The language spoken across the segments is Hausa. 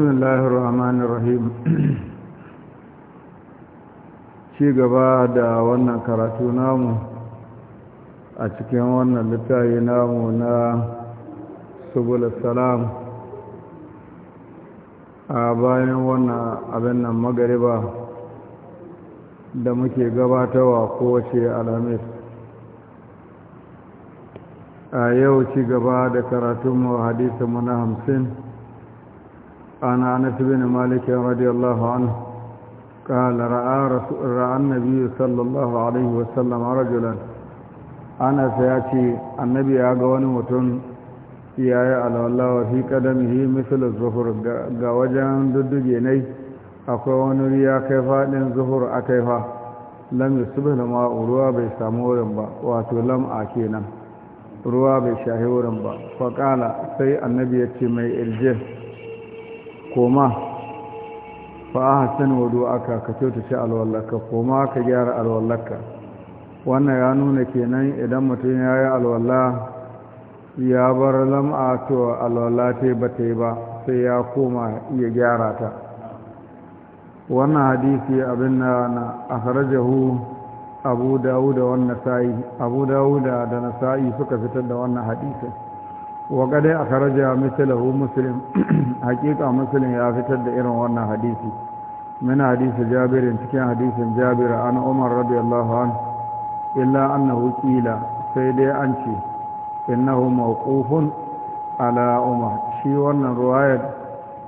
بسم الله الرحمن الرحيم ci gaba da wannan karatu namu a cikin wannan littafi namu na subul salam a bayan wannan abin nan magariba da muke gabatarwa kowace alamis a yau ci gaba da karatunmu hadisinmu na hamsin عن انس بن مالك رضي الله عنه قال راى رسول راى النبي صلى الله عليه وسلم رجلا انس النبي ga wani mutum yayi alwala wa fi qadamihi mithl az-zuhur ga wajen dudduge nai akwai wani riya kai fadin zuhur akai fa lam yusbih ruwa bai samu wurin ba wato lam'a kenan ruwa bai shahi wurin ba faqala sai annabi ce mai irjin koma fa ahsan wudu'aka ka kyautata alwallaka koma ka gyara alwallaka wannan ya nuna kenan idan mutum ya yi alwalla ya bar lam'a to alwalla ta ba ta ba sai ya koma iya gyara ta wannan hadisi abin na na akhrajahu abu dawuda wannan sa'i abu dawuda da nasa'i suka fitar da wannan hadisin wa kadai a karaja misalahu musulun. hakika musulun ya fitar da irin wannan hadisi min hadisi jabirin cikin hadisin jabir an umar radiyallahu an illa annahu qila sai dai an ce innahu mawqufun ala umar shi wannan ruwayar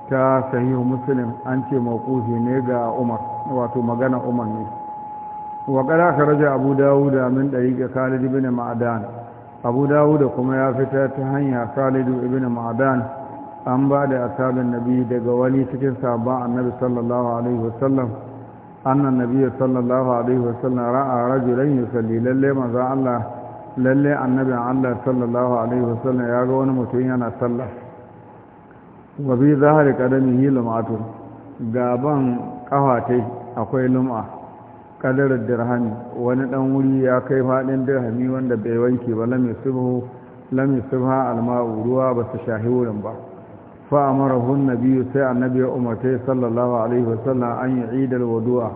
ta sahihu musulun? an ce mawqufi ne ga umar wato magana umar ne wa kada ka raja abu dawuda min ga khalid bin Ma'adan. abu dawud kuma ya fita ta hanya salidu ibn ma'adan an ba da asalin nabi daga wani cikin sabon annabi sallallahu alaihi wasallam annan nabi sallallahu alaihi wasallam ra'a rajulan yusalli lalle maza Allah lalle Annabi Allah sallallahu alaihi wasallam ya ga wani mutum yana sallah wa bi zahari qadamihi lum'atun gaban kafatai akwai lum'a kadarar dirhami wani dan wuri ya kai faɗin dirhami wanda bai wanke ba lam yusibhu lam yusibha alma ruwa ba su shahi wurin ba fa amarahu nabiyyu sai annabi ya umarta sallallahu alaihi wa sallam, an yi idal wudu'a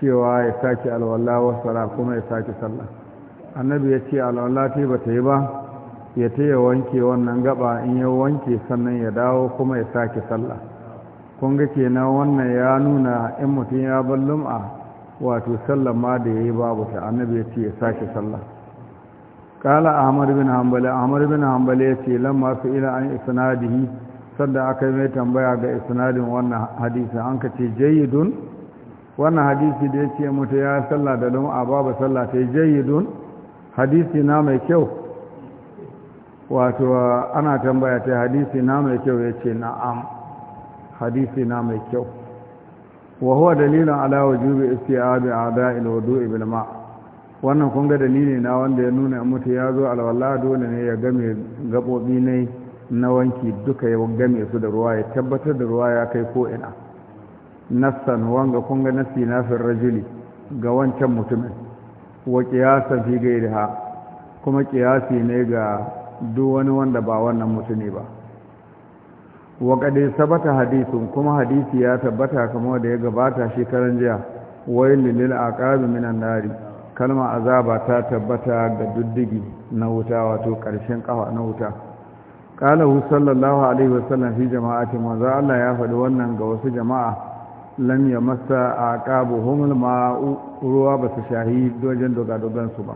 cewa ya saki alwala wa sala kuma ya saki sallah annabi ya ce alwala ta ba ta yi ba ya ta ya wanke wannan gaba in ya wanke sannan ya dawo kuma ya sake sallah kun ga kenan wannan ya nuna in mutum ya bar lum'a wato sallar ma da yayi babu ta annabi ya ce ya sake sallah kala ahmad bin hanbali ahmad bin hanbali ya ce lamma su ila an isnadihi sanda aka yi mai tambaya ga isnadin wannan hadisi an ka ce jayyidun wannan hadisi da ya ce mutu ya sallah da a babu sallah ta jayyidun hadisi na mai kyau wato ana tambaya ta hadisi na mai kyau ya ce na'am hadisi na mai kyau wa huwa dalilun ala wujubi isti'abi a'da'il wudu'i wannan kun ga dalili na wanda ya nuna mutu ya zo alwala dole ne ya game gabobi ne na wanki duka ya game su da ruwa ya tabbatar da ruwa ya kai ko ina nassan wanga kun ga nassi na rajuli ga wancan mutumin wa qiyasan fi gairiha kuma kiyasi ne ga duk wani wanda ba wannan ne ba wa sabata hadithun kuma hadisi ya tabbata kamar da ya gabata shekaran jiya wayin lil aqabi minan nari kalma azaba ta tabbata ga duddigi na wuta wato karshen kafa na wuta hu sallallahu alaihi wasallam fi jama'ati za Allah ya faɗi wannan ga wasu jama'a lam yamassa aqabuhum ma'u ruwa su shahi dojen doga dogan su ba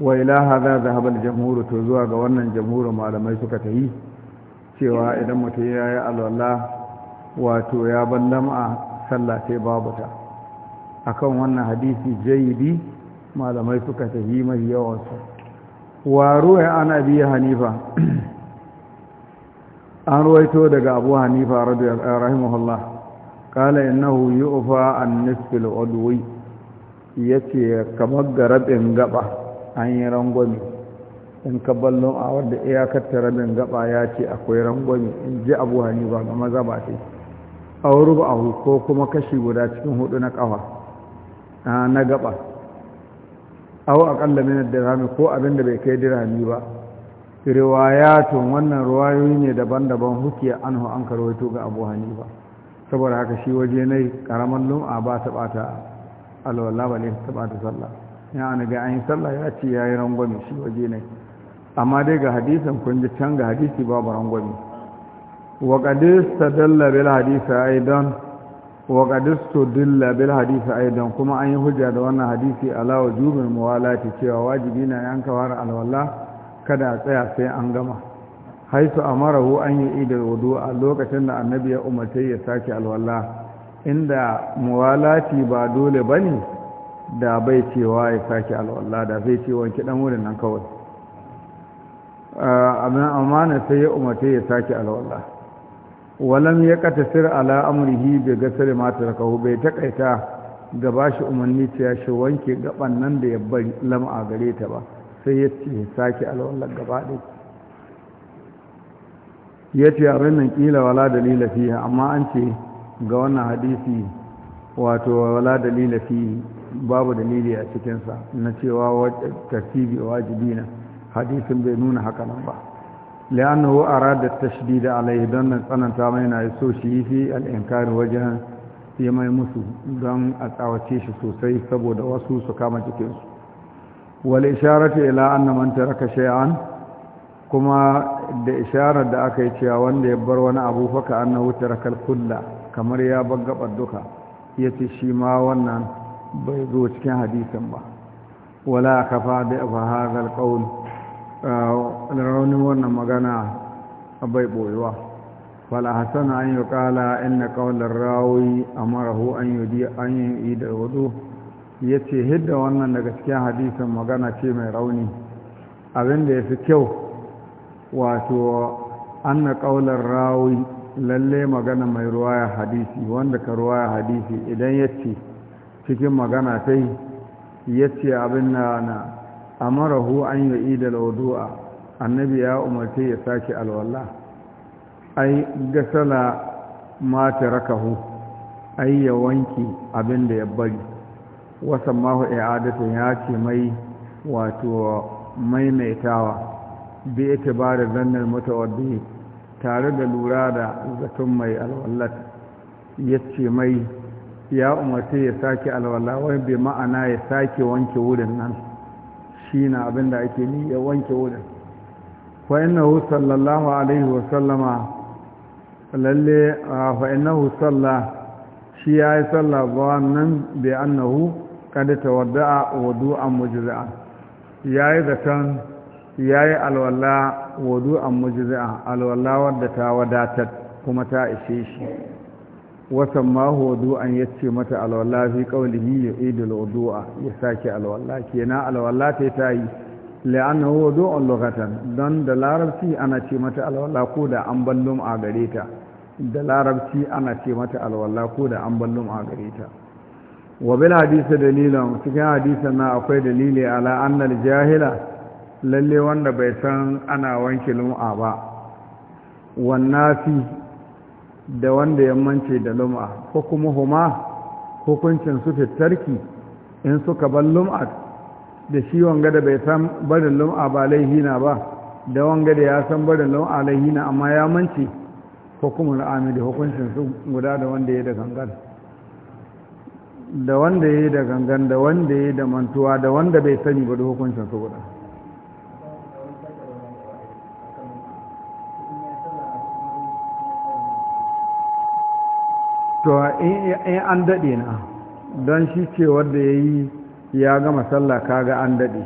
wa ila hadha dhahaba jamhur to zuwa ga wannan jamhur malamai suka tayi cewa idan mutum ya yi alwala wato ya ban lam'a sallah sai babu ta akan wannan hadisi jayyidi malamai suka tafi mai yawansu wa ruwa ana biya hanifa an ruwaito daga abu hanifa eh, rahimahullah kala innahu yu'fa an nisfil udwi yace kamar garabin gaɓa. gaba an yi rangwame in ka ballo a wadda iyakar ta rabin gaba ya ce akwai rangwami in ji abu ba ga maza ba ce a ba ahu ko kuma kashi guda cikin hudu na kafa na gaba aw minar min dirhami ko abin da bai kai dirhami ba riwayatun wannan ruwayoyi ne daban-daban hukiya anhu an karwaito ga abu hanifa saboda haka shi waje ne karaman lum'a ba ta bata alwala ba ne ta bata sallah ya ana ga an yi sallah ya ce ya yi rangwami shi waje ne amma dai ga hadisin kun ji can ga hadisi babu rangwami wa qadista dalla bil hadisi aidan wa qadistu dalla bil hadisi aidan kuma an yi hujja da wannan hadisi ala wajubin muwalati cewa wajibi na yanka war alwala kada a tsaya sai an gama haisu amarahu an yi idar wudu a lokacin da annabi ya umarce ya sake alwala inda muwalati ba dole bane da bai cewa ya sake alwala da zai ce wanki dan wurin nan kawai Abin amana sai ya umarce ya sake alwala walam ya katasir ala amrihi bi gasar ma tarkahu bai takaita ga bashi umarni ta shi wanke gaban nan da ya bari lam'a gare ta ba sai ya ce sake alwala gaba ɗaya ya ce abin nan kila wala dalila fiha amma an ce ga wannan hadisi wato wala dalila fi babu dalili a cikinsa na cewa tartibi wajibi na hadisin bai nuna haka nan ba li'annahu arada tashdid alayhi don nan tsananta mai na so shi yi fi al'inkari wajen yi mai musu don a tsawace shi sosai saboda wasu su kama cikin su wal isharatu ila anna man taraka shay'an kuma da isharar da aka yi cewa wanda ya bar wani abu faka annahu taraka al-kulla kamar ya bar duka ya ce shi ma wannan bai zo cikin hadisin ba wala kafa da fa hadha al Ah, raunin wannan magana bai boyuwa fala Hassan an yi kala inna qawlar rawi marahu an yudi an yi da Ya ce, hidda wannan daga cikin hadisan magana ce mai rauni abin da fi kyau wato anna kawalar rawi lalle magana mai ruwaya hadisi wanda ka ruwaya hadisi idan yace cikin magana ya yace abin na amarahu an yu'ida al-wudu'a annabi ya umarce ya sake alwala ai gasala ma rakahu, ai ya wanki abin da ya bari wasan mahu i'adatu ya ce mai wato maimaitawa bi itibari zannar mutawaddi tare da lura da zaton mai alwallat ya ce mai ya umarce ya sake alwala Wani bi ma'ana ya sake wanke wurin nan shi abin da ake ni ya wanke wurin innahu sallallahu alaihi wa sallama lalle innahu salla shi ya yi salla ba nan annahu kada ta wada'a wadu'an mujza'a ya yi zaton ya yi alwala an mujza'a alwala wadda ta wadatar kuma ta ishe shi wasan ma du'an ya ce mata alwala fi ya idul wudu'a ya sake alwallafi. kenan alwala ta yi la'anna huwa du'an lughatan dan da larabci ana ce mata alwala ko da an ballum a gare ta da larabci ana ce mata alwala ko da an ballum a gare ta wa bil hadisi dalilan cikin hadisan na akwai dalili ala annal jahila lalle wanda bai san ana wanke lum'a ba wannan fi da wanda ya da lum'a ko kuma huma hukuncin su fitarki in suka bar lum'a da shi wanga da bai san barin lum'a ba laihina ba da wanga da ya san barin lum'a laihina amma ya ko kuma da hukuncin su guda da wanda ya da gangan da wanda ya da gangan da wanda ya da mantuwa da wanda bai sani ba da hukuncin su guda to in an daɗe na don shi ce wanda ya yi ya gama sallah kaga an daɗe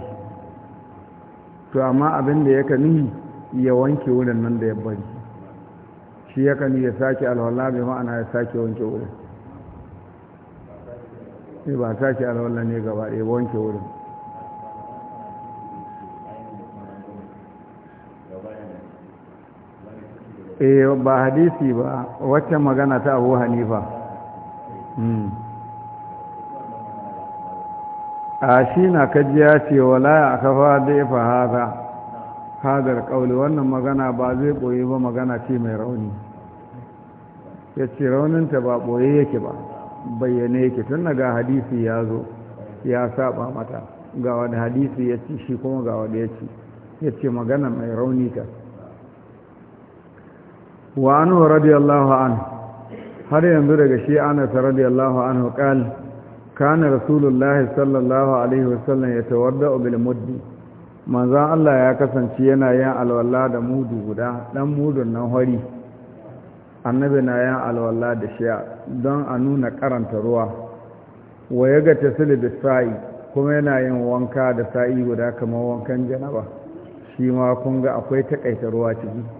to amma abin da ya nuhi ya wanke wurin nan da ya bari shi ya nuhi ya sake alwala bai ma'ana ya sake wanke wurin ba sake alwala ne gaba ɗaya wanke wurin eh ba hadisi ba wacce magana ta abu hanifa hmm. a shi na kajiya ce wala a kafa da ya hazar hadar kauli wannan magana ba zai ɓoye ba magana ce mai rauni ya ce rauninta ba ɓoye yake ba bayyane yake tun daga hadisi ya zo ya saba mata ga wani hadisi ya ci shi kuma ga wani ya ci ya ce magana mai rauni ta wa anu radiyallahu anhu har yanzu daga shi anas radiyallahu anhu qal kana rasulullahi sallallahu alaihi wasallam tawadda bil muddi manzon Allah ya kasance yana yin alwala da mudu guda dan mudun nan hori annabi na yin alwala da shi. don a nuna karanta ruwa wa ya tasli bis da sa'i kuma yana yin wanka da sa'i guda kamar wankan janaba shi ma kun ga akwai takaita ruwa ciki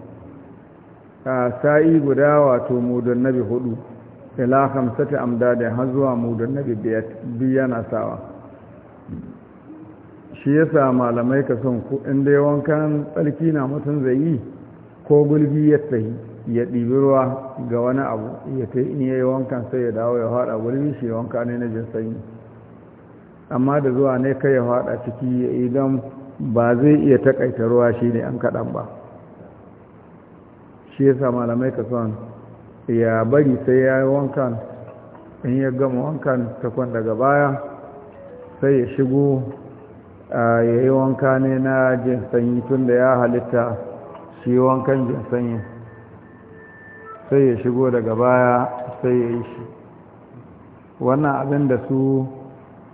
A sa'i guda wato mudun nabi hudu ila hamsata amdada har zuwa mudun nabi biya na sawa shi yasa malamai ka son ku inda ya wankan tsarki na mutum zai yi ko gulbi ya tsayi ya ɗibi ruwa ga wani abu ya ta in ya yi wankan sai ya dawo ya haɗa gulbi shi wanka ne na jin sanyi amma da zuwa ne kai ya haɗa ciki ya yi ba zai iya takaita ruwa shi ne an kaɗan ba shi yasa malamai ka son ya bari sai ya yi wankan in ya gama wankan takwan daga baya sai ya shigo ya yi wanka ne na jin sanyi tun da ya halitta shi wankan jin sanyi sai ya shigo daga baya sai ya yi shi wannan abin da su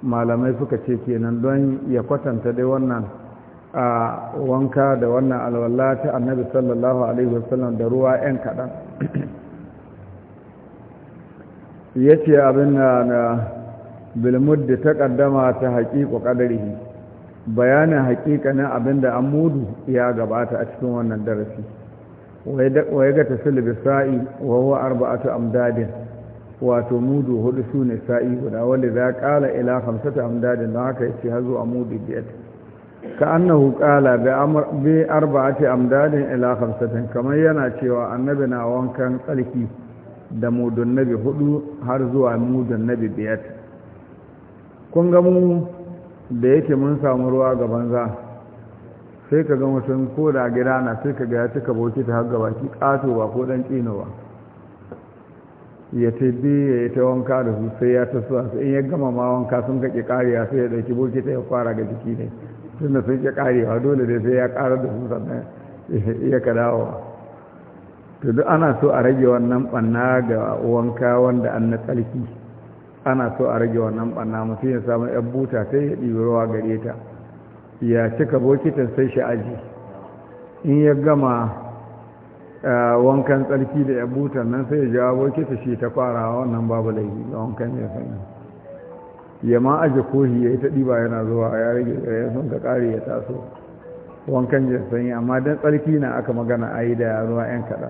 malamai suka ce kenan don ya kwatanta dai wannan a wanka da wannan alwala ta annabi sallallahu alaihi wasallam da ruwa 'yan kaɗan ya ce abin na na bilmuddi ta ƙaddama ta haƙiƙo ƙadarihi bayanin haƙiƙanin abin da an mudu ya gabata a cikin wannan darasi wai ga tasil bisa'i wa huwa arba'atu amdadin wato mudu hudu su sa'i guda wanda za ƙala ila hamsata amdadin don haka ya ce hazo a mudu biyar ka annahu qala bi amr bi arba'ati amdadin ila kamar yana cewa annabi na wanka tsalki da mudun hudu har zuwa mudun nabi biyar kun ga mu da yake mun samu ruwa ga banza sai ka ga mutum ko da gida na sai ka ga ya cika boki ta har gabaki katowa ko dan tsinowa ya tebe ya ta wanka da su sai ya ta in ya gama ma wanka sun kake kariya sai ya dauki boki ya fara ga jiki ne tunda sun ke karewa dole dai sai ya karar da su sannan iya ka dawowa to duk ana so a rage wannan banna ga wanka wanda an na tsarki ana so a rage wannan banna mutum ya samu yan buta sai ya ɗibi ruwa gare ta ya cika bokitin sai shi aji in ya gama wankan tsarki da yan butan nan sai ya jawo bokitin shi ta kwarawa wannan babu laifi ga wankan ya sanya ya ma aje kohi ya yi ta ɗiba yana zuwa a yare ya sun ka ƙare ya taso wankan jin sanyi amma don tsarki na aka magana a yi da yaruwa 'yan kaɗa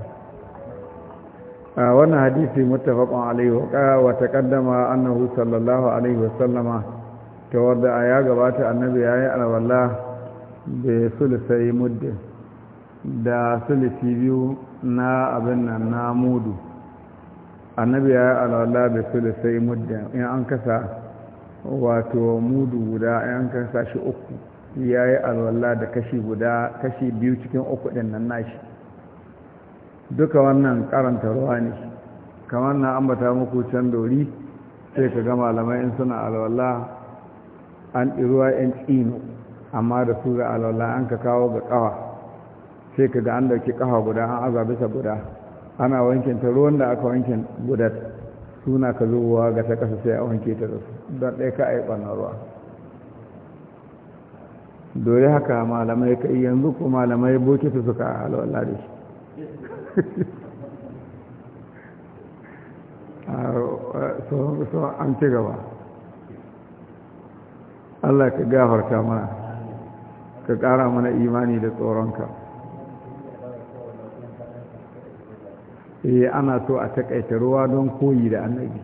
wannan hadisi mutafakon alaihi wa ta ƙaddama annahu sallallahu alaihi wa sallama ta wadda a ya gabata annabi ya yi alwala da yi muddin da sulisi biyu na abin nan na mudu annabi ya yi alwala da yi muddin in an kasa wato mudu guda an kan sashi uku ya yi alwala da kashi guda kashi biyu cikin uku ɗin nan nashi duka wannan karanta ruwa ne kamar na ambata muku can dori sai ka gama malamai in suna alwala an ruwa yan tsino amma da su ga alwala an ka kawo ga ƙawa sai ka ga an ɗauki ƙawa guda an azabisa guda ana wankin ta ruwan da aka wankin gudar suna ka zuwa ga ta kasa sai a wanke ta da su don ɗaya ka a yi ɓannan dole haka malamai ka yi yanzu ko malamai bokiti suka halwala da shi an ci gaba Allah ka gafarta mana ka ƙara mana imani da tsoronka eh ana so a takaita ruwa don koyi da annabi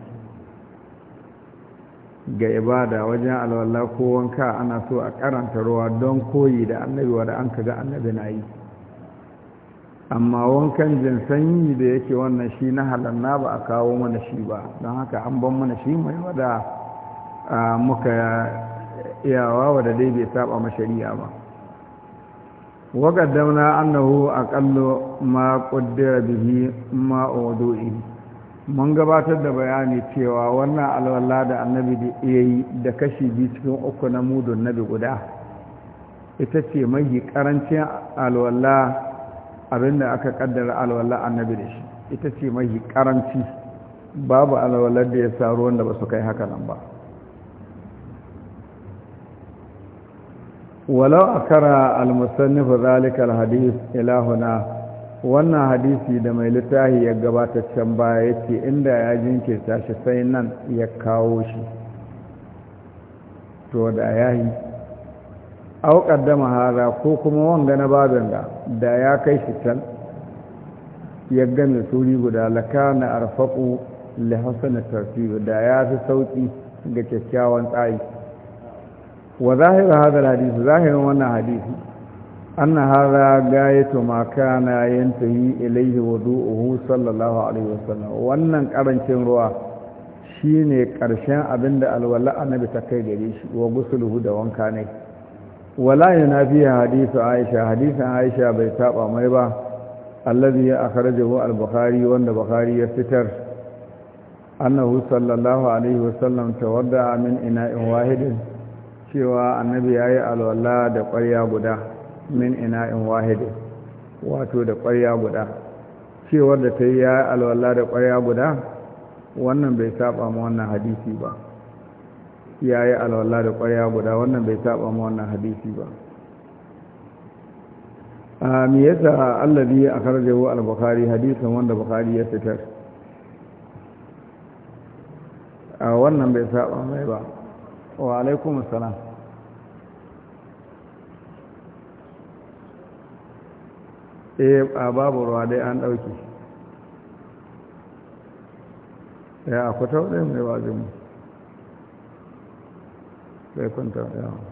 ga ibada wajen alwala ko wanka ana so a karanta ruwa don koyi da annabi wanda an kaga annabi na yi amma wankan jin sanyi da yake wannan shi na halanna ba a kawo mana shi ba don haka an ban mana shi mai wada muka iyawa wadda dai bai saba ma shari'a ba وقدمنا Annahu a ما قدر به ما أوضوئه mun gabatar da bayani cewa wannan alwala da annabi da iya yi da kashi biyu cikin uku na mudun nabi guda ita ce mahi karancin alwala abinda aka kaddara alwala annabi da shi ita ce mahi karanci babu alwalar da ya sa ruwan da ba su kai haka nan ba walau akara al-musannif zalika al-hadith wannan hadisi da mai littafi ya gabata can baya yace inda ya jinkirta shi sai nan ya kawo shi to da yayi au qaddama hada ko kuma wanga na babin da da ya kai shi can ya game suri guda lakana arfaqu li hasan tartib da ya fi sauƙi ga kyakkyawan tsayi. وظاهر هذا الحديث ظاهر من الحديث أن هذا غاية ما كان ينتهي إليه وضوءه صلى الله عليه وسلم وأن أرن شنروا شيني كرشان أبند الولاء النبي تكي جريش وغسله دوان كانه ولا ينافي حديث عائشة حديث عائشة بيتاب أميبا الذي أخرجه البخاري وأن البخاري يفتر أنه صلى الله عليه وسلم تودع من إناء واحد cewa annabi ya yi alwala da ƙwarya guda min ina in wahide wato da ƙwarya guda cewar da ta yi ya yi alwala da ƙwarya guda wannan bai saba ma wannan hadisi ba ya yi alwala da ƙwarya guda wannan bai saba ma wannan hadisi ba a mi yasa a akarjahu al-bukhari hadisin wanda bukhari ya fitar a wannan bai saba mai ba wa alaikum salam eh a babu ruwa dai an dauki ya eh, akwai taudai mai mu sai kwanta yawon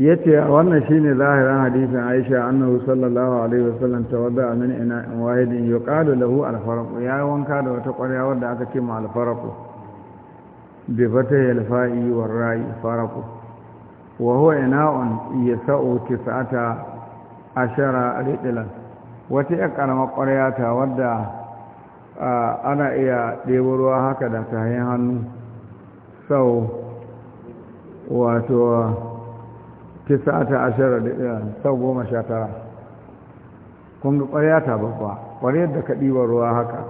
ya ce wannan shine zahirin hadisin aisha annahu sallallahu alaihi wasallam ta wadda min ina in wahidin ya ƙalu lahu alfaraku ya yi wanka da wata ƙwarya wadda aka ce ma alfaraku bi fata ya alfa'i war ra'i faraku wa huwa ina'un ya sa'o tisa'ata ashara riɗilan wata ya ƙarama ƙwarya ta wadda ana iya ɗebo ruwa haka da tayin hannu sau wato tisa'ata ashara da sau goma sha tara kun ga ƙwarya ta babba ƙwaryar da ka ɗiwa ruwa haka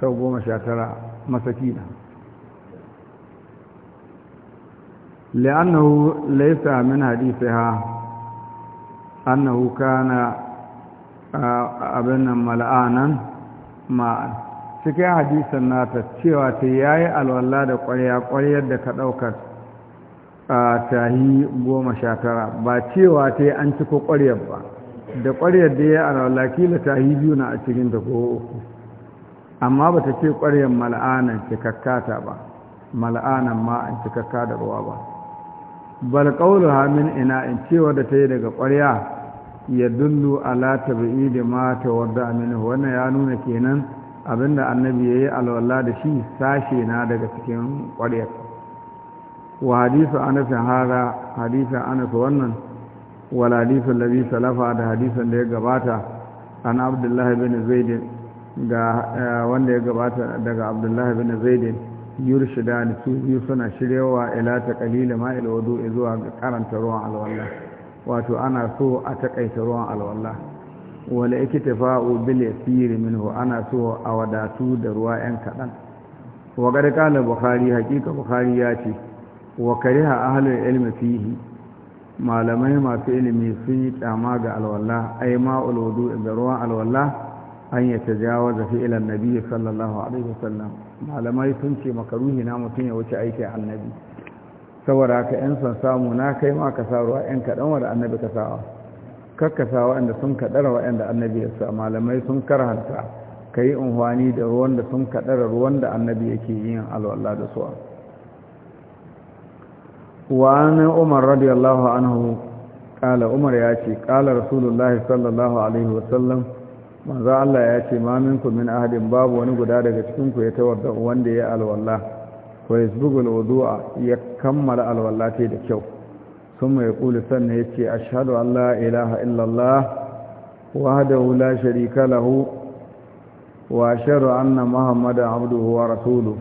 sau goma sha tara masaki da li'annahu laisa min hadisiha annahu kana abin nan mal'anan ma'an cikin hadisan nata cewa ta yayi alwala da ƙwarya ƙwaryar da ka ɗaukar a tahi goma sha tara ba cewa ta yi an ciko ƙwaryar ba da ƙwaryar da ya alawala da tahi biyu na a cikin da uku amma ba ta ce ƙwaryar mal'anan cikakka ta ba mal'anan ma an cikakka da ruwa ba bal ƙaunar hamin ina in cewa da ta yi daga ƙwarya ya dullu ala tabi'i da ma tawadda minhu wannan ya nuna kenan abinda annabi yayi alwala da shi sashe na daga cikin ƙwaryar wa hadisu anas hada hadisin anas wannan wal hadisu alladhi salafa da hadisin da ya gabata an abdullahi bin zaid ga eh, wanda ya gabata daga abdullahi bin zaid yurshida da su biyu suna shirewa ila ta kalila ma'il wudu zuwa ga karanta ruwan alwala wato ana so a takaita ruwan alwala wala iktifa'u bil yasir minhu ana so a wadatu da ruwa yan kaɗan. wa qad qala bukhari haqiqa bukhari ya ce wa kariha ahalin ilmi fihi malamai masu ilimi sun yi kyama ga alwala ai ma wudu da ruwan alwala an ya tajawaza fi'lan nabi sallallahu alaihi wasallam malamai sun ce makaruhi na mutum ya wuce aiki annabi saboda haka yan san samu na kai ma ka sa ruwa yan kaɗan wanda annabi ka sa wa. sawa kakkasa waɗanda sun kaɗara waɗanda annabi ya sa malamai sun karhanta ka yi unhwani da ruwan da sun kaɗara ruwan da annabi yake yin alwala da su'a وعن umar رضي الله عنه قال عمر ياتي قال رسول الله صلى الله عليه وسلم manzo Allah ya ce ma minkum min ahadin babu wani guda daga cikin ku ya tawadda wanda ya alwala ko yasbugul wudu'a ya kammala alwala ta da kyau kuma ya kula sannan ya ce ashhadu an la ilaha illallah wahdahu la sharika lahu wa ashhadu anna muhammadan abduhu wa rasuluhu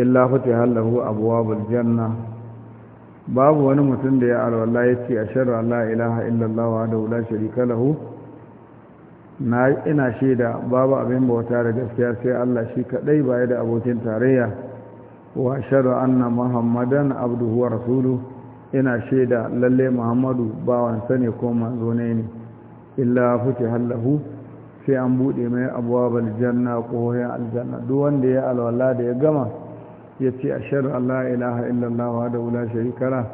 illa fatiha lahu abwabul janna babu wani mutum da ya alwala ya ce a sharar la ilaha illallah da wula shirika lahu na ina shaida babu abin bauta da gaskiya sai Allah shi kadai baya da abokin tarayya wa sharar anna muhammadan abduhu wa rasulu ina shaida lalle muhammadu bawan ne ko manzo ne ne illa futiha hallahu sai an buɗe mai abuwa baljanna ko ya aljanna duk wanda ya alwala da ya gama ya ce a shaɗu Allah ilaha illallah wa da wula shari'a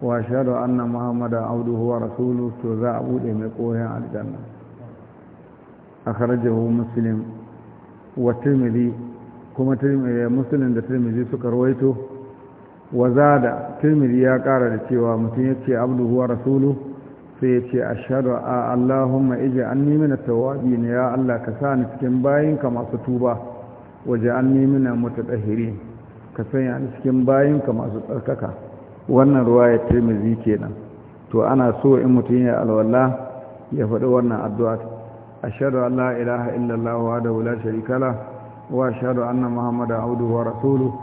wa shaɗu anna muhammadan abduhu wa rasulu to za a buɗe mai koyon aljanna a kharajahu muslim wa tirmidhi kuma eh, muslim da tirmidhi suka rawaito wa da tirmidhi ya ƙara da cewa mutum ya ce abduhu wa rasulu sai ya ce a shaɗu a Allahumma ije an nemi na tawabi ne ya Allah ka sa ni cikin bayinka masu tuba waje an nemi na mutaɗahiri ka sanya ni cikin bayinka masu tsarkaka wannan ruwa ya tirmizi nan. to ana so in mutum ya alwala ya faɗi wannan addu'a A an Allah ilaha illallah wa la wula la wa ashhadu anna Muhammadu Audu wa rasuluhu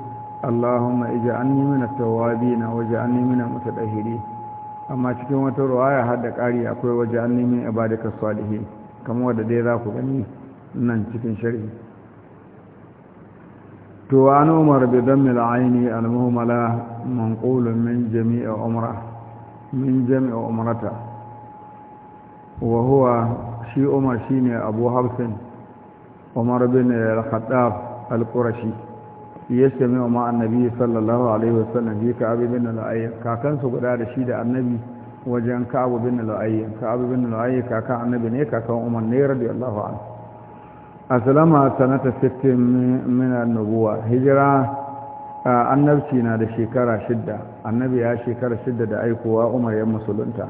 allahumma tawabi na waje an yi mina al ɗahiri amma cikin wata ruwa ya da ƙari akwai an waj'alni min ibadika salihin kamar wadda dai za ku gani nan cikin sharhi to an umar bi dammil aini al-muhmala manqulun min jami'i umra min jami'i umrata shi umar shine abu hafsin umar bin al-khattab al-qurashi yasmi ma annabi sallallahu alaihi wasallam bi ka'ab bin al-ayy su guda da shi da annabi wajen ka'ab bin bin al-ayy annabi ne kakan umar ne radiyallahu anhu a sanata 60 min annubuwa hijira annabci na da shekara shidda annabi ya shekara shidda da aikowa umar ya musulunta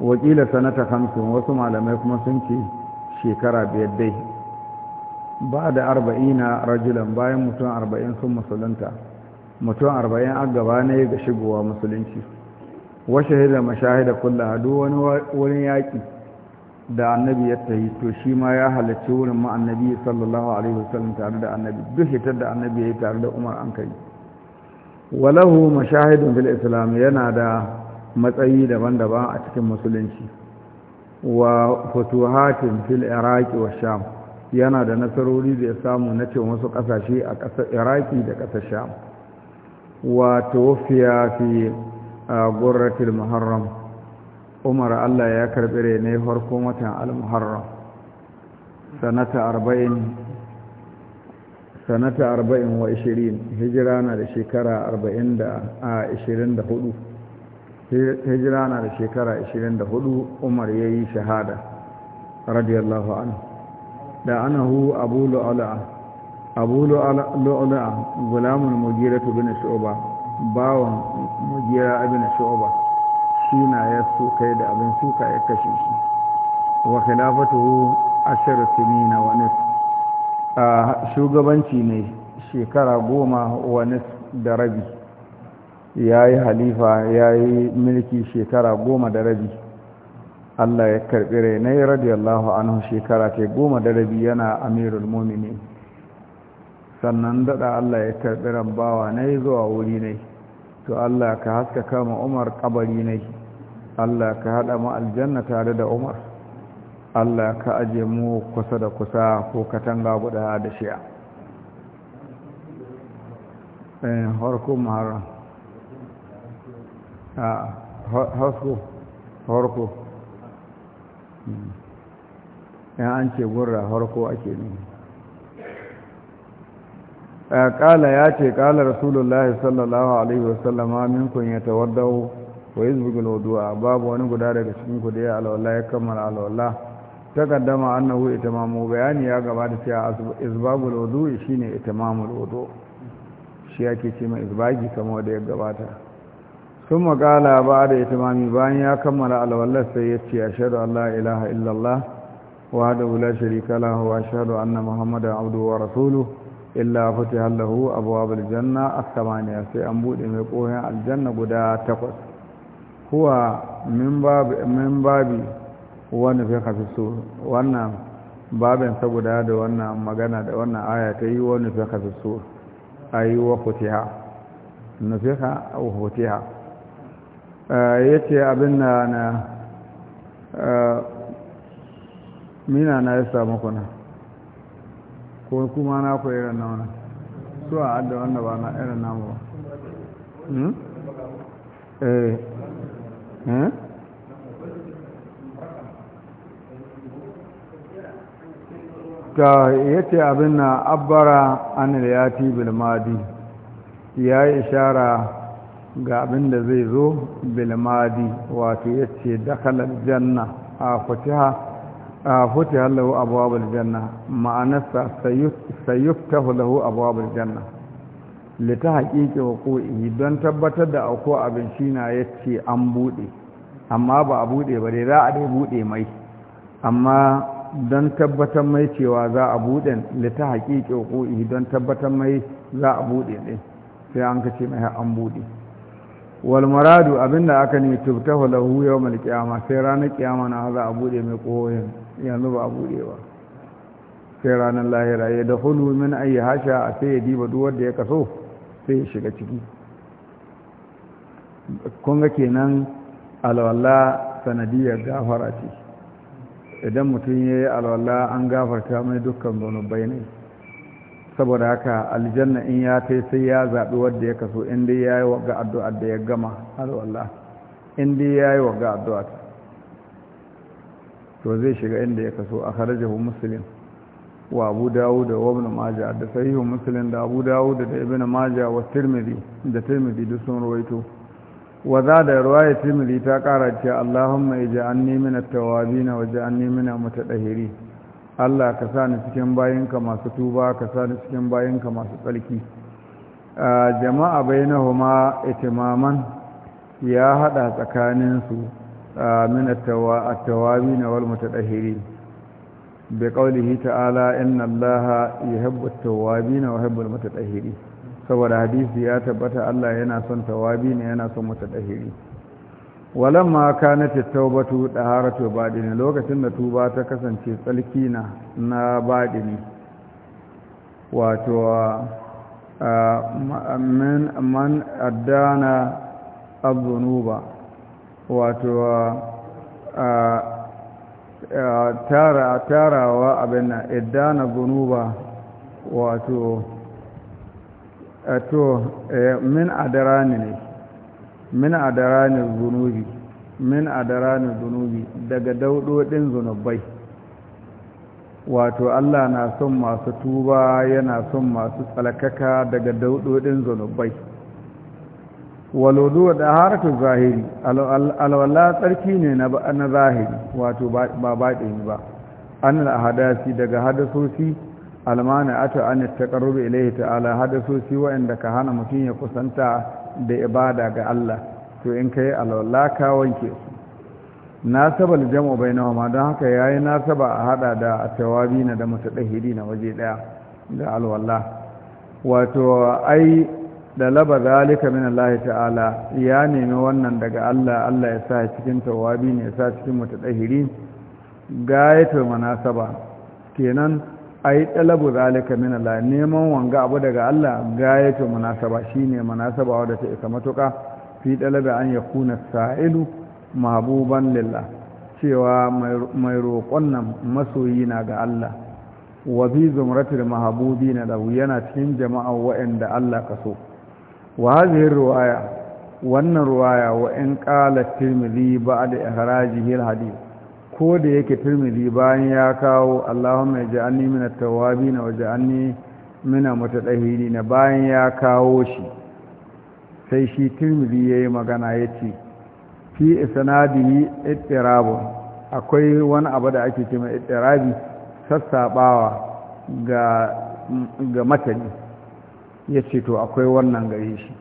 wakila sanata hamsin wasu malamai kuma sun ce shekara biyar dai ba da arba'ina rajulan bayan mutum arba'in sun musulunta mutum arba'in an gaba ne ga shigowa musulunci washe da mashahida kulla duk wani wurin yaƙi da annabi ya yi, to shi ma ya halarci wurin ma annabi sallallahu alaihi wasallam tare da annabi duk hitar da annabi ya yi tare da umar an kai walahu mashahidun fil islam yana da matsayi daban-daban a cikin musulunci wa futuhatin fil iraqi wa sham yana da nasarori da ya samu na ce wasu kasashe a ƙasar iraki da ƙasar sham wa tawfiya fi ah, gurratil muharram umar allah ya karɓi rene farko watan al-muharram sanata arba'in sanata wa ishirin hijira na da shekara a ishirin da hudu hijira na da shekara umar ya yi shahada radiyallahu an da anahu abu lu'ala abu lu'ala gulamun mujiratu bin shu'ba bawan mujira ibn shu'ba shi na ya kai da abin suka ya kashe shi wa khilafatuhu ashar sinina wa A shugabanci ne shekara goma wa da rabi ya yi halifa ya yi mulki shekara goma da rabi Allah ya karɓi rainai radiyallahu anhu shekara ta goma da rabi yana amirul mumini sannan daɗa Allah ya karɓi rambawa na zuwa wuri ne to Allah ka haska kama umar ƙabari ne Allah ka haɗa mu aljanna tare da Umar Allah ka aje mu kusa da kusa ko katanga guda da shi'a eh harko mahara a ah, harko harko hmm. an ce gurra harko ake ne eh, ƙala ya ce ƙala rasulullahi sallallahu alaihi wasallama minkun ya tawaddau wa yuzbigul wudu'a babu wani guda daga cikin ku da ya alwala ya kammala alwala takaddama annahu itamamu bayani ya gabata cewa isbabul wudu'i shine itamamul wudu shi ake ce mai isbagi kamar da ya gabata sun makala ba da itimami bayan ya kammala alwallar sai ya ce a shaɗu Allah ilaha illallah wa da wula sharika lahu wa shaɗu anna muhammadan abdu wa rasulu illa fati hallahu abuwa janna a samaniya sai an buɗe mai ƙoyon aljanna guda takwas huwa min babi wani fi hafisu wannan babin saboda da wannan magana da wannan aya ta yi wani fi hafisu a yi wa hutiha nufiha a hutiha eh, ya ce abin na na eh, mina na ya samu kuna ko kuma na ku irin na wani su a adda wanda ba na irin namu ba hmm? Eh. ta hmm? yace abin na abara an yati bilmadi ya yi ishara ga abin da zai zo bilmadi wato yace dakalar janna a fatiha a fatiha lahu abuwa janna ma'anarsa ta lahu abuwa janna lita haƙiƙi wa ko'i don tabbatar da auko abin shi na ya ce an buɗe amma ba a buɗe ba dai za a dai buɗe mai amma don tabbatar mai cewa za a buɗe lita haƙiƙi wa ko'i don tabbatar mai za a buɗe ɗin sai an kace mai an buɗe Walmaradu abin abinda aka ne tubtahu lahu mai qiyama sai ranar qiyama na za a buɗe mai ƙoyin yanzu ba a buɗe ba sai ranar lahira ya da hulu min ayi hasha a sai ya diba duwar da ya kaso sai ya shiga ciki kunga kenan alwala sanadiyar gafara ce idan mutum ya yi alwala an gafarta mai dukkan zunubai ne saboda haka aljanna in ya tai sai ya zaɓi wadda ya kaso inda ya yi wa addu'ar da ya gama alwala inda ya yi wa addu'ar to zai shiga inda ya kaso a kharajahu musulun wa abu dawud da ibn majah da داود muslim da abu dawud da ibn majah wa tirmidhi da tirmidhi duk sun rawaito wa da riwaya tirmidhi ta kara allahumma Allah ka sa ni cikin bayinka masu tuba ka sa ni cikin bayinka masu tsarki jama'a bainahuma itimaman ya hada tsakaninsu min at-tawabin wal mutatahhirin بقوله تعالى إن الله يحب التوابين ويحب المتطهرين saboda hadisi ya tabbata Allah yana son tawabi ne yana son mutadahiri walamma kanat tawbatu daharatu badini lokacin da tuba ta kasance tsalki na na badini wato min man addana azunuba wato tara tarawa abin nan idana gunuba wato ato eh, min adarani ne min adarani zunubi min adarani zunubi daga daudodin zunubai wato Allah na son masu tuba yana son masu tsalakaka daga daudodin zunubai walodo da haratu zahiri alwala tsarki ne na zahiri wato ba baɗe ba an hadasi daga hadasosi almana ato an taqarrubu ilaihi ta'ala hadasosi waɗanda ka hana mutum ya kusanta da ibada ga Allah to in kai alwala ka wanke su nasabal jam'u ma don haka yayi saba a hada da tawabi na da na waje daya da alwala wato ai da laba zalika min Allah ta'ala ya nemi wannan daga Allah Allah ya sa cikin tawabi ne ya sa cikin mutadahiri gayatul munasaba kenan ai talabu zalika min Allah neman wanga abu daga Allah gayatul munasaba shine munasaba wanda ta isa matuka fi talabi an yakuna sa'ilu mahbuban lillah cewa mai roƙon nan masoyi na ga Allah wa bi zumratil mahbubina da yana cikin jama'a wa'anda Allah ka so wa hadhihi ruwaya? wannan ruwaya wa in qala tirmidhi ba'da ihrajihi alhadith ko da yake tirmidhi bayan ya kawo Allahumma ij'alni min at-tawwabin wa ij'alni min mutadahirin bayan ya kawo shi sai shi tirmidhi yayi magana yace fi isnadihi ittirab akwai wani abu da ake cewa ittirabi sassabawa ga ga matani ya ce to akwai wannan gare shi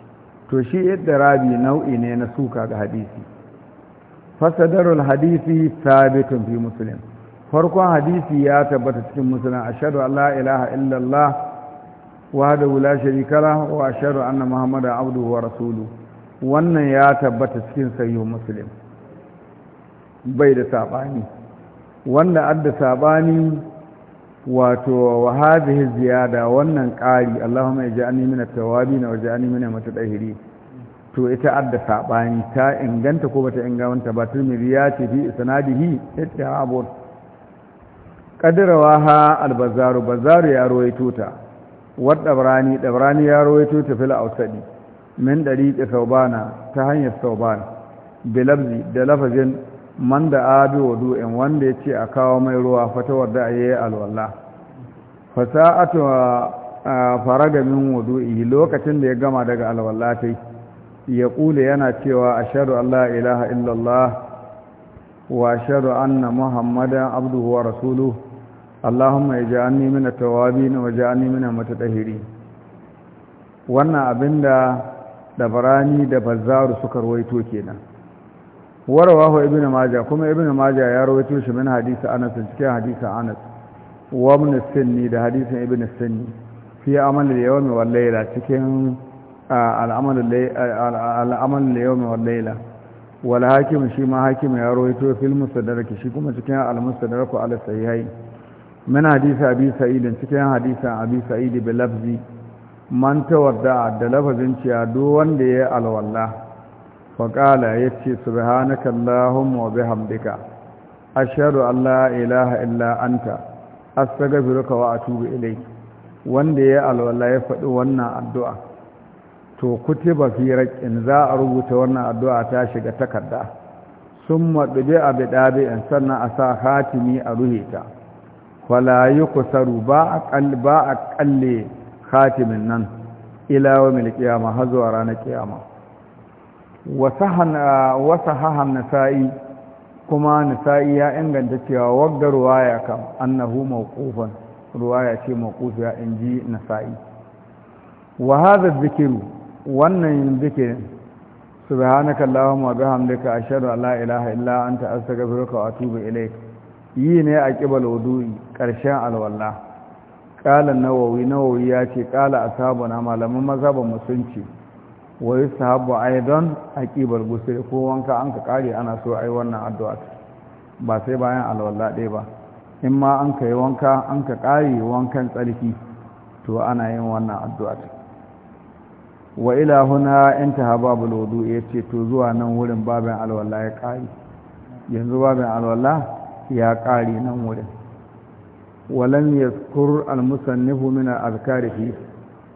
to shi yadda rabi nau'i ne na suka ga hadisi fasadarul hadisi sabitun fi muslim farkon hadisi ya tabbata cikin musulun ashadu Allah ilaha illallah da wula shirikara wa ashadu anna Muhammadu abduhu wa rasulu wannan ya tabbata cikin sayo muslim bai da saɓani wanda adda saɓani wato wa hadhihi ziyada wannan ƙari Allahumma ij'alni min at-tawabin wa ij'alni min al-mutatahhirin to ita adda sabani ta inganta ko bata inganta ba Tirmidhi ya ce fi sanadihi ittihab qadrawaha al-Bazzar Bazzar ya rawaito ta wa Dabrani Dabrani ya rawaito ta fil Awsadi min dariqi saubana ta hanyar Thawban bilabzi da lafazin man da abi wadu'in wanda ya ce a kawo mai ruwa fatawar da ya yi alwalla fasa'atu faraga min wadu'i lokacin da ya gama daga alwalla ta ya kule yana cewa a sharu Allah ilaha illallah wa ashhadu anna muhammadan abduhu wa rasuluhu allahumma ij'alni min at-tawabin wa ij'alni min al-mutatahhirin wannan abinda da barani da bazzaru suka ruwaito kenan warawahu ibn majah kuma ibn majah ya rawaito shi min hadisi anas cikin hadisi anas wa min sunni da hadisin ibn sunni fi amal al-yawmi wal layla cikin al-amal al-amal al-yawmi wal layla wal hakim shi ma hakim ya rawaito fil mustadrak shi kuma cikin al-mustadrak ala sahihai min hadisi abi sa'id cikin hadisin abi sa'id bi lafzi man tawadda da lafazin ciya duk wanda ya alwallah faƙala ya ce subhanaka Allahumma wa bihamdika ashhadu an la ilaha illa anta astaghfiruka wa atubu ilai wanda ya alwala ya faɗi wannan addu'a to kutiba fi in za a rubuta wannan addu'a ta shiga takarda summa dubi abi dabi'in sannan a sa hatimi a ruhita wala yuqsaru ba aqall ba khatimin nan ila yawmil qiyamah har zuwa ranar qiyamah wasa hahan nasa'i kuma nasa'i ya inganta cewa ruwa ruwaya kam annahu mawqufan ruwaya ce mawqufiya inji nasa'i wa hadha dhikru wannan zikirin subhanaka allahumma bihamdika ashhadu an la ilaha illa anta astaghfiruka wa atubu ilayk yi ne a qibal wudu'i karshen alwala qala nawawi nawawi ya ce qala ashabuna malaman mazhaban musulci wa yusahabu aidan aqibal gusul ko wanka an ka kare ana so ai wannan addu'a ba sai bayan alwala ɗaya ba in ma an ka yi wanka an ka kare wankan tsarki to ana yin wannan addu'a wa ila huna intaha babul wudu yace to zuwa nan wurin babin alwala ya kare yanzu babin alwala ya kare nan wurin walam yaskur al-musannifu min al fi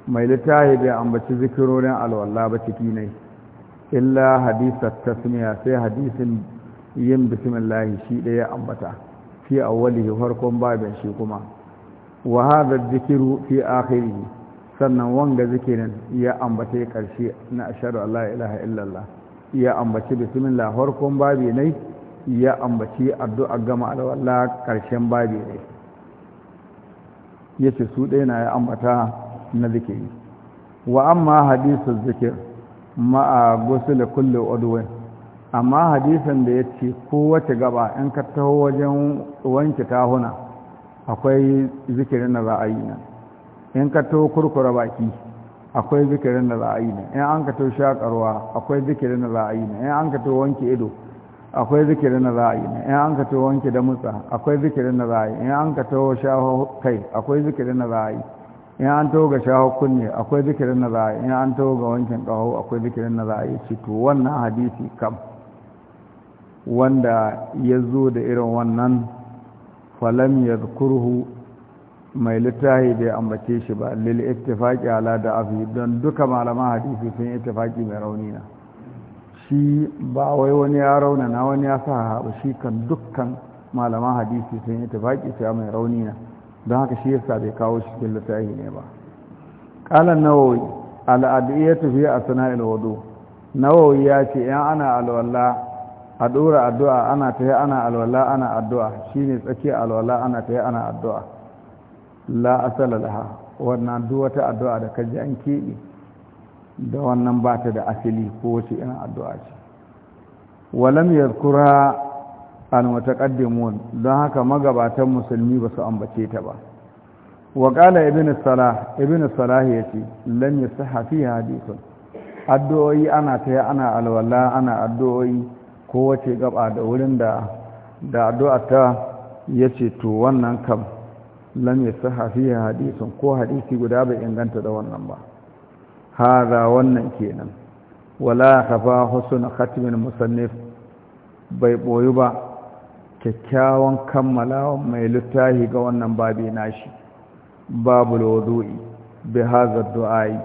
mai littahi bai ambaci zikirorin alwallah ba ciki ne illa hadisar tasmiya sai hadisin yin bismillahi shi ɗaya ambata fi awwalihi farkon babin shi kuma wa hadha zikiru fi akhirih sannan wanga zikirin ya ambace karshe na ashhadu an la ilaha illallah ya ambaci bismillah farkon babi ne ya ambaci addu'a gama alwallah karshen babi ne yace su ɗaya na ya ambata na zikiri wa amma hadisu zikir ma'a gusul kulle udwin amma hadisun da ya ce kowace gaba in ka taho wajen wanke tahuna akwai zikirin da za a yi nan in ka taho kurkura baki akwai zikirin da za a yi nan in an ka taho shakarwa akwai zikirin da za a yi nan in an ka taho wanke ido akwai zikirin da za a yi ne in an ka taho wanke da akwai zikirin da za a yi in an ka taho shaho kai akwai zikirin da za a yi in an toga ga shaho kunne akwai zikirin na za a in an toga ga wankin ƙaho akwai zikirin na za a yi to wannan hadisi kam wanda ya zo da irin wannan falam ya kurhu mai littahi bai ambace shi ba lil ittifaqi ala da afi don duka malaman hadisi sun ittifaqi mai rauni na shi ba wai wani ya rauna na wani ya sa shi kan dukkan malaman hadisi sun ittifaqi sai mai rauni na don haka shi yasa bai kawo shi cikin littafi ne ba Ƙalan nawawi al'adiyatu fi asna'il wudu nawawi ya ce 'yan ana alwala a dora addu'a ana ta yi ana alwala ana addu'a shine tsakiyar alwala ana ta yi ana addu'a la asala laha wannan duk wata addu'a da kaji an keɓe da wannan ba ta da asali ko wace irin addu'a ce walam yadhkura al-mutaqaddimun don haka magabatan musulmi ba su ambace ta ba wa qala ibn salah ibn salah ce lam yasihha fi hadithun addu'o'i ana ta ana alwala ana addu'o'i kowace gaba da wurin da da addu'a ta yace to wannan kam lam yasihha fi hadithun ko hadisi guda bai inganta da wannan ba hada wannan kenan wala kafa husn khatmin musannif bai boyu ba kyakkyawan kammalawa mai littafi ga wannan babi nashi babu wudu'i bi hadha du'ai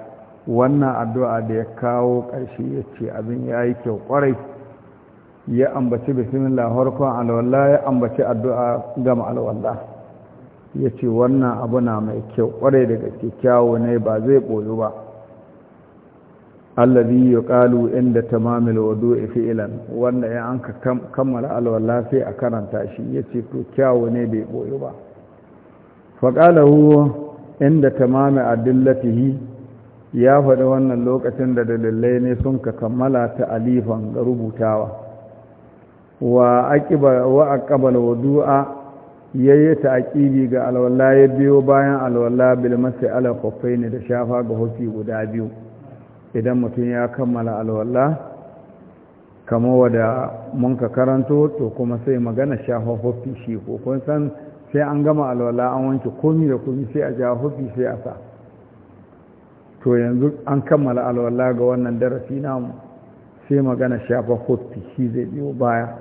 wannan addu'a da ya kawo ƙarshe yace abin ya yi kyau kwarai ya ambaci bismillah harkon alwallah ya ambaci addu'a gama Ya yace wannan abu na mai kyau ƙwarai daga kyakkyawa ne ba zai boyo ba alladhi yuqalu inda tamamil wudu'i fi'lan wanda ya an kammala alwala sai a karanta shi yace to kyawu ne bai boyo ba fa qala hu inda tamami adillatihi ya faɗi wannan lokacin da dalilai ne sun ka kammala ta alifan ga rubutawa wa aqiba wa aqbala wudu'a yayi ta aqibi ga alwala ya biyo bayan alwala bil ala ne da shafa ga hufi guda biyu idan mutum ya kammala alwala kama wada munka karanto to kuma sai magana shafa hoffi shi ko kun san sai an gama alwala an wanke komi da komi sai a ja hoffi sai a sa to yanzu an kammala alwala ga wannan darasi namu sai magana shafa hoffi shi zai biyo baya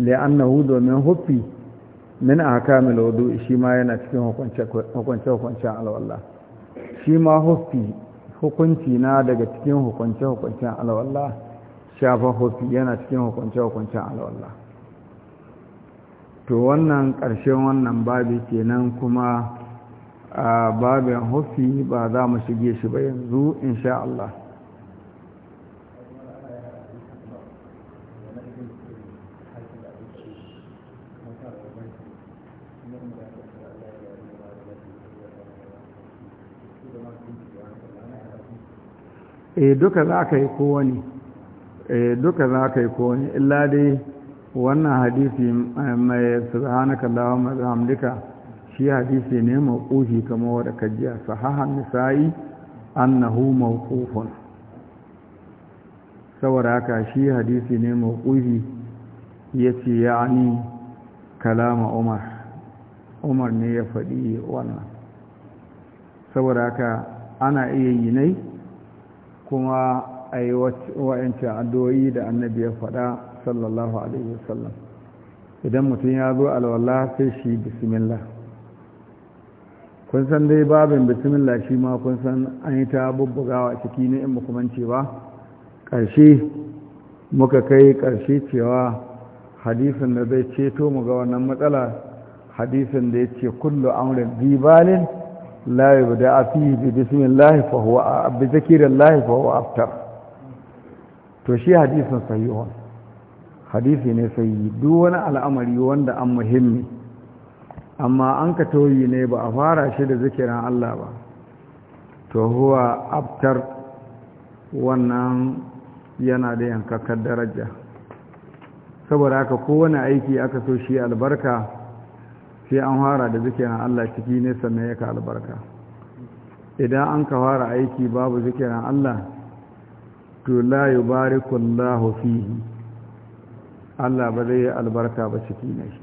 li'annahu domin hoffi min ahkamil wudu shi ma yana cikin hukunce hukunce alwala shi ma hoffi hukunci na daga cikin hukunce-hukuncen alawalla shafa hufi yana cikin hukunce-hukuncen alawalla to wannan ƙarshen wannan babi kenan kuma a babin hufi ba za mu shige shi ba yanzu insha Allah eh duka za ka yi kowani eh duka za ka yi kowani illa dai wannan hadisi eh, mai subhanaka allahumma bihamdika shi hadisi ne mawqufi kamar wanda kajiya sahahan nisa'i annahu mawqufun saboda haka shi hadisi ne mawqufi yace ya'ani kalama umar umar ne ya faɗi wannan saboda haka ana iya yi nai kuma a yi wa'yancin addu'o'i da annabi ya faɗa sallallahu alaihi wasallam idan mutum ya zo alwala sai shi bismillah kun san dai babin bismillah shi ma kun san an yi ta bubbugawa ciki ne in makamanci ba ƙarshe muka kai ƙarshe cewa hadisin da zai ceto mu ga wannan matsala hadisin da ya ce kullu amrin zibalin la da fihi bi bismillahi fa huwa bi zikrillahi fa huwa aftar to shi hadisin sahihun hadisi ne sai duk wani al'amari wanda an muhimmi amma an ka toyi ne ba a fara shi da zikirin Allah ba to huwa aftar wannan yana da yankakkar daraja saboda haka kowane aiki aka so shi albarka sai an fara da zikirin Allah ciki ne sannan ya ka albarka idan an ka fara aiki babu zikirin Allah to la yubariku Allahu fihi Allah ba zai albarka ba ciki ne shi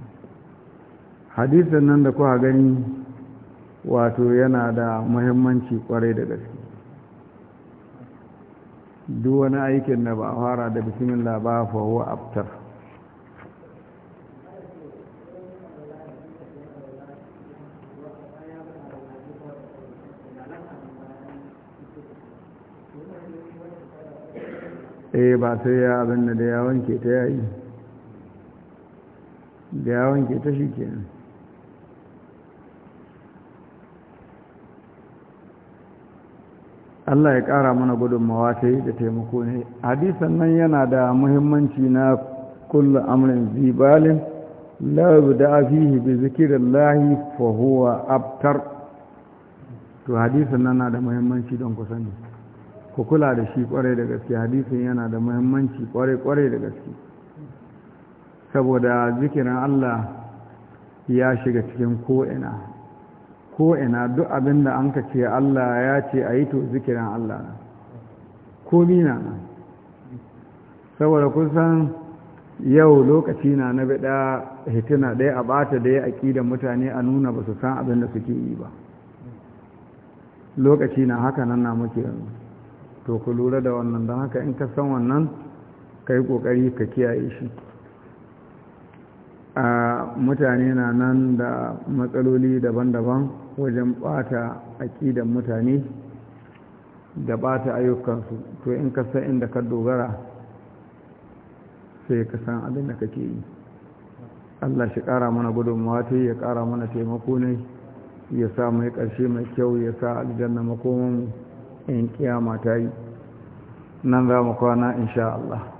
hadisin nan da kuka gani wato yana da muhimmanci kwarai da gaske duk wani aikin da ba fara da bismillah ba fa huwa abtar eh ba sai ya abin da ya wanke ta yayi da ya wanke ta shi kenan Allah ya ƙara mana gudunmawa ta da taimako ne hadisan nan yana da muhimmanci na kullu amrin zibalin la da fihi bi zikrillahi fa huwa abtar to hadisan nan na da muhimmanci don ku sani ku kula da shi kwarai da gaske hadisin yana da muhimmanci kwarai kwarai da gaske saboda zikirin Allah ya shiga cikin ko'ina ko'ina duk abin da an ka ce Allah ya ce a yi to zikirin Allah na komi na saboda kusan yau lokaci na na bida hitina ɗaya a bata da ya aƙi da mutane a nuna ba su san abin da suke yi ba lokaci na haka nan na muke yanzu to ku lura da wannan don haka in ka san wannan ka yi ƙoƙari ka kiyaye shi a mutane na nan da matsaloli daban-daban wajen ɓata aƙidan mutane da bata ayyukansu to in ka san inda ka dogara sai ka san abin da kake yi Allah shi ƙara mana gudunmawa ta ya ƙara mana taimako ne ya sa mai ƙarshe mai kyau ya sa aljanna makomanmu in kiyama ta yi nan za mu kwana insha Allah